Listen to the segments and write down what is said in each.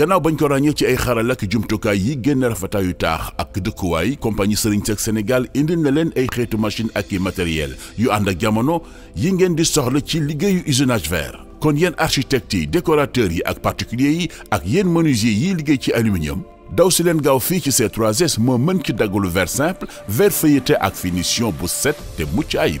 gannaaw bañ ko ràññee ci ay xarala ak jumtukaay yi génn rafetaayu taax ak dëkkuwaay compagnie Serigne Seck Sénégal indil na leen ay xeetu machine ak i matériel yu ànd ak jamono yi ngeen di soxla ci liggéeyu usinage vert. kon yenn architecte yi décorateur yi ak particulier yi ak yenn menuisier yiy liggéey ci aluminium daw si leen gaaw fii ci C3S mën ci daggalu verre simple verre feuilleté ak finition bu set te mucc ayib.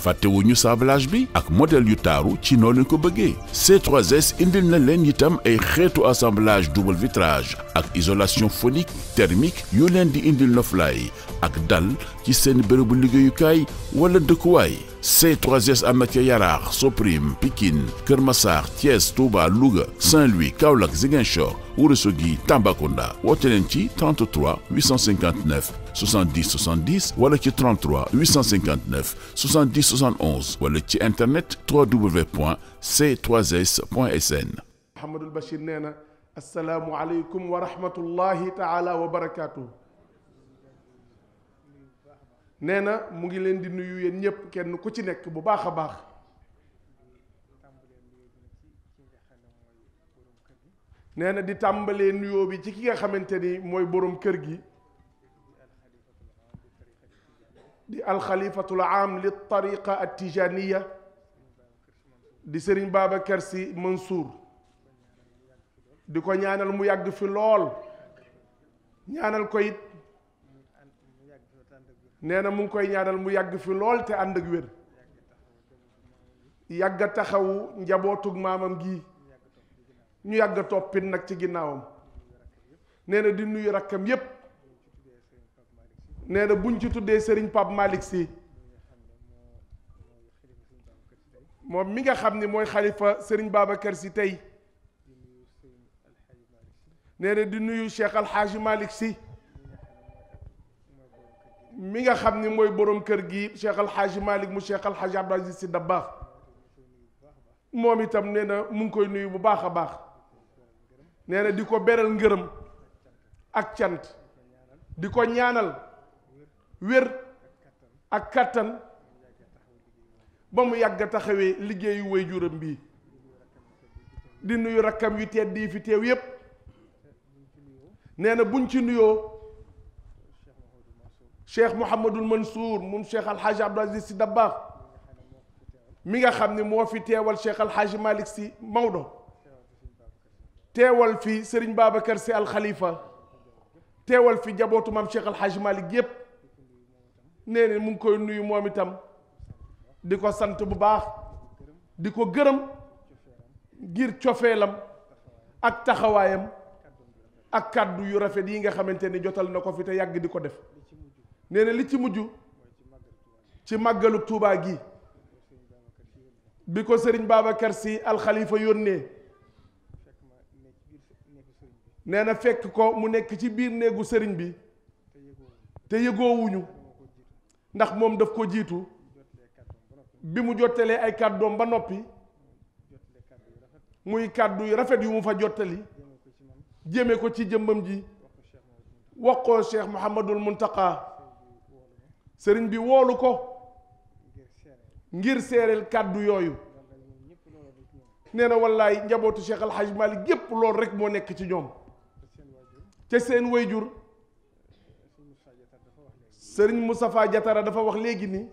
fàttewuñu sablage bi ak modèle yu taaru ci noolu leen ko bëggee c 3 indil na leen itam ay xeetu assemblage double vitrage ak isolation phonique thermique yu leen di indil noflaay ak dal ci seen bërëbu liggéeyukaay wala dëkkuwaay C3S am na ca Yaraax Soprim Pikine Kër Massar Thiès Touba Louga Saint-Louis Kaolack Ziguinchor Ourossogui Tambacounda woote leen ci 33 859 70 70 wala ci 33 859 70 71 wala ci internet www.c3s.sn. Mouhamadul Bachir nee na asalaamu aleykum wa rahmatullahi taala wa barakaatu. na mu ngi leen di nuyu yéen ñëpp kenn ku ci nekk bu baax a baax. nee na di tàmbalee nuyoo bi ci ki nga xamante ni mooy boroom kër gi di alxalifatul am li tariqa at tijaniya di sëriñ Babacar Sy Mansour di ko ñaanal mu yàgg fi lool ñaanal ko neena nee mu ngi koy ñaanal mu yàgg fi lool te ànd ak wér yàgg taxawu njabootug maamam gi ñu yàgg toppit nag ci ginnaawam nee na di nuyu rakkam yépp nee na buñ ci tuddee sëriñ Pape Malick si moom mi nga xam ni mooy xalifa sëriñ baaba kër si tey nee di nuyu Cheikh Alxaaji Malick si mi nga xam ni mooy borom kër gi Cheikh Alxaaji Malick mu Cheikh Alxaaji Abdou Aziz Sy Dabakh moom itam nee na mu ngi koy nuyu bu baax a baax nee na di ko beral ngërëm ak cant di ko ñaanal wér ak kàttan ba mu yàgg a taxawee liggéeyu waajuram bii di nuyu rakkam yu tedd yi fi teew yépp nee na buñ ci nuyoo cheikh Mouhamadul Mansour moom cheikh Alhaji Abdou Aziz Sy Dabakh mi nga xam ne moo fi teewal cheikh Alhaji Malick Sy Maodo. teewal fi sëriñ Babacar Sy alxalifa Khalifa teewal fi jabootu maam Cheikh Al Hadj yépp nee na mu ngi koy nuyu moom itam di ko sant bu baax di ko gërëm ngir cofeelam ak taxawaayam ak kàddu yu rafet yi nga xamante ni jotal na ko fi te yàgg di ko def nee na li ci mujj ci màggalu Tuubaa gi bi ko sëriñ Babacar Sy alxalifa Khalifa yónnee nee na fekk ko mu nekk ci biir néegu sëriñ bi te yëgoowuñu ndax moom daf ko jiitu bi mu jottalee ay kàddoom ba noppi muy kàddu yu rafet yu mu fa jottali jëme ko ci jëmbam ji wax ko Cheikh Mouhamadul Muntaka sëriñ bi woolu ko ngir seereel kàddu yooyu nee na wallaay njabootu Cheikh Al Hadj Malick gépp loolu rek moo nekk ci ñoom ca seen wayjur sëriñ Moustapha Diatara dafa wax léegi ni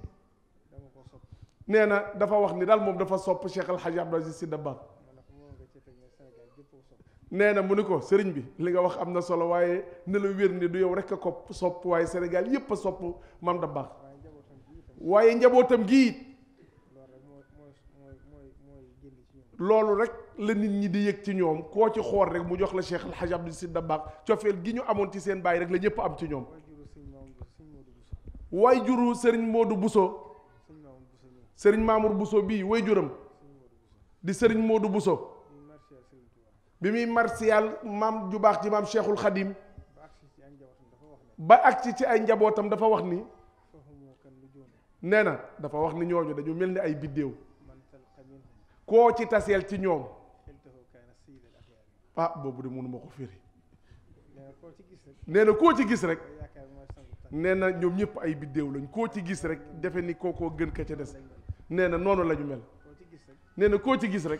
nee na dafa wax ni daal moom dafa sopp Cheikh El Hadj Abdou Aziz Sy Dabakh nee na mu ni ko sëriñ bi li nga wax am na solo waaye ne la wér ni du yow rek a ko sopp waaye Sénégal yépp a sopp maam Dabakh waaye njabootam gi loolu rek la nit ñi di yëg ci ñoom koo ci xool rek mu jox la Cheikh El Hadj Abdou Sy Dabakh cofeel gi ñu amoon ci seen baay rek la ñëpp am ci ñoom waay juru sëriñ Modou Bousso sëriñ Mamour Bousso bii way juram di sëriñ Modou Bousso bi muy martial maam ju baax ci maam Cheikhul Khadim ba agsi ci ay njabootam dafa wax ni nee na dafa wax ni ñooñu dañu mel ni ay biddéew koo ci taseel ci ñoom ah boobu de mënuma ko firi nee na koo ci gis rek nee na ñoom ñëpp ay biddéew lañ koo ci gis rek defe ni kookoo gën ka ca des nee na noonu la ñu mel nee na koo ci gis rek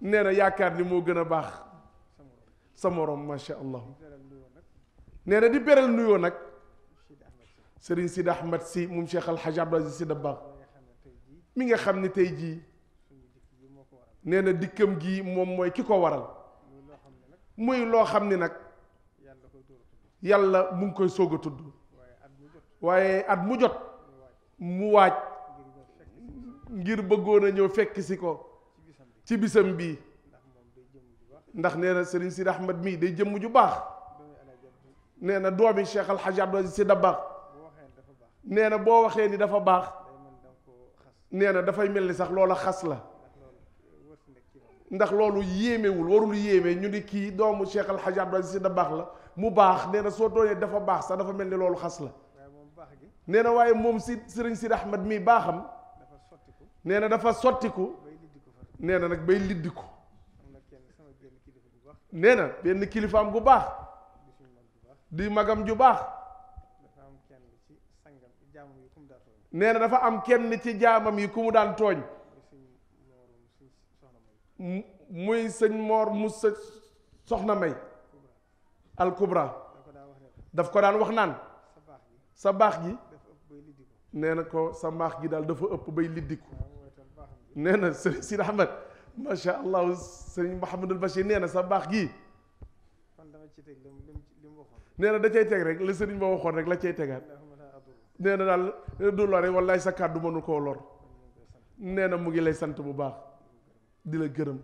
nee na yaakaar ni moo gën a baax sa morom macha allah nee na di beral nuyoo nag Serigne Sidi Ahmed si moom Cheikh Al Hadj Abdou Aziz Sy Dabakh mi nga xam ni tey jii. nee na dikkam gi moom mooy ki ko waral muy loo xam ni nag yàlla mu ngi koy soog a tudd waaye at mu jot mu waaj ngir bëggoon a ñëw fekk si ko ci bisam bii ndax nee na si Sidi Ahmed mii day jëmm ju baax nee na doomi Cheikh Al Hadj Abdou Aziz Sy Dabakh nee na boo waxee ni dafa baax nee na dafay mel ni sax loola xas la. ndax loolu yéemewul warul yéeme ñu ni kii doomu Cheikh Al Hadj Abdoul Aziz Sy la mu baax nee na soo doonee dafa baax sax dafa mel ni loolu xas la nee na waaye moom si sëriñ Sidi Ahmed mii baaxam nee na dafa sottiku nee na nag bay liddi ko nee na benn kilifaam bu baax di magam ju baax nee na dafa am kenn ci jaamam yi ku mu daan tooñ muy sëñ moor mu sa soxna may al kubra daf ko daan wax naan sa baax gi nee na ko sa mbaax gi daal dafa ëpp bay liddiku nee na sëriñ Sidi Ahmed macha allah sëriñ Mahamadul Bachir nee na sa baax gi nee na da cay teg rek la sëriñ ba waxoon rek la cay tegaat nee na daal du lore wallaay sa kàddu mënu koo lor nee na mu ngi lay sant bu baax di la gërëm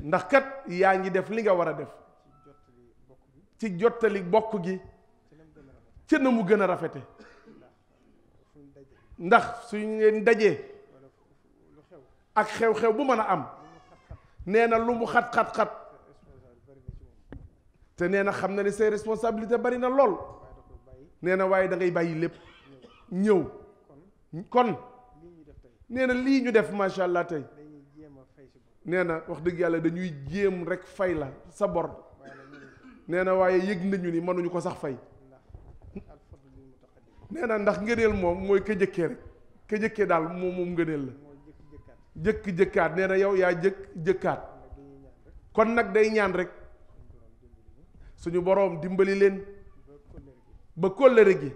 ndax kat yaa ngi def li nga war a def ci jottali bokk gi ci na mu gën a rafete ndax suñ ngeen dajee ak xew-xew bu mën a am nee na lu mu xat-xat-xat te nee na xam na ni say responsabilité bari na lool nee na waaye dangay ngay bàyyi lépp ñëw kon nee na lii ñu def macha allah tey nee na wax dëgg yàlla dañuy jéem rek fay la sa bor nee na waaye yëg nañu ni mënuñu ko sax fay nee ndax ngëneel moom mooy ka jëkkee rek ka jëkkee daal moom moom ngëneel la jëkk-jëkkaat nee na yow yaa jëkk jëkkaat kon nag day ñaan rek suñu boroom dimbali leen ba kóllëre gi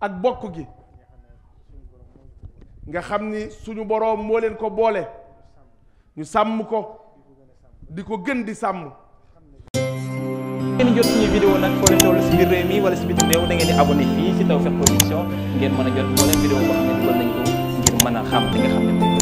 ak bokk gi nga xam ni suñu boroom moo leen ko boole ñu sàmm ko di ko gën di sàmm. ngeen jot suñu vidéo nag foo leen toll si biir réew mi wala si bitim réew da ngeen di abonné fii si Tawfekh Production ngeen mën a jot moo leen vidéo boo xam ne dugal mën a xam li nga xam ne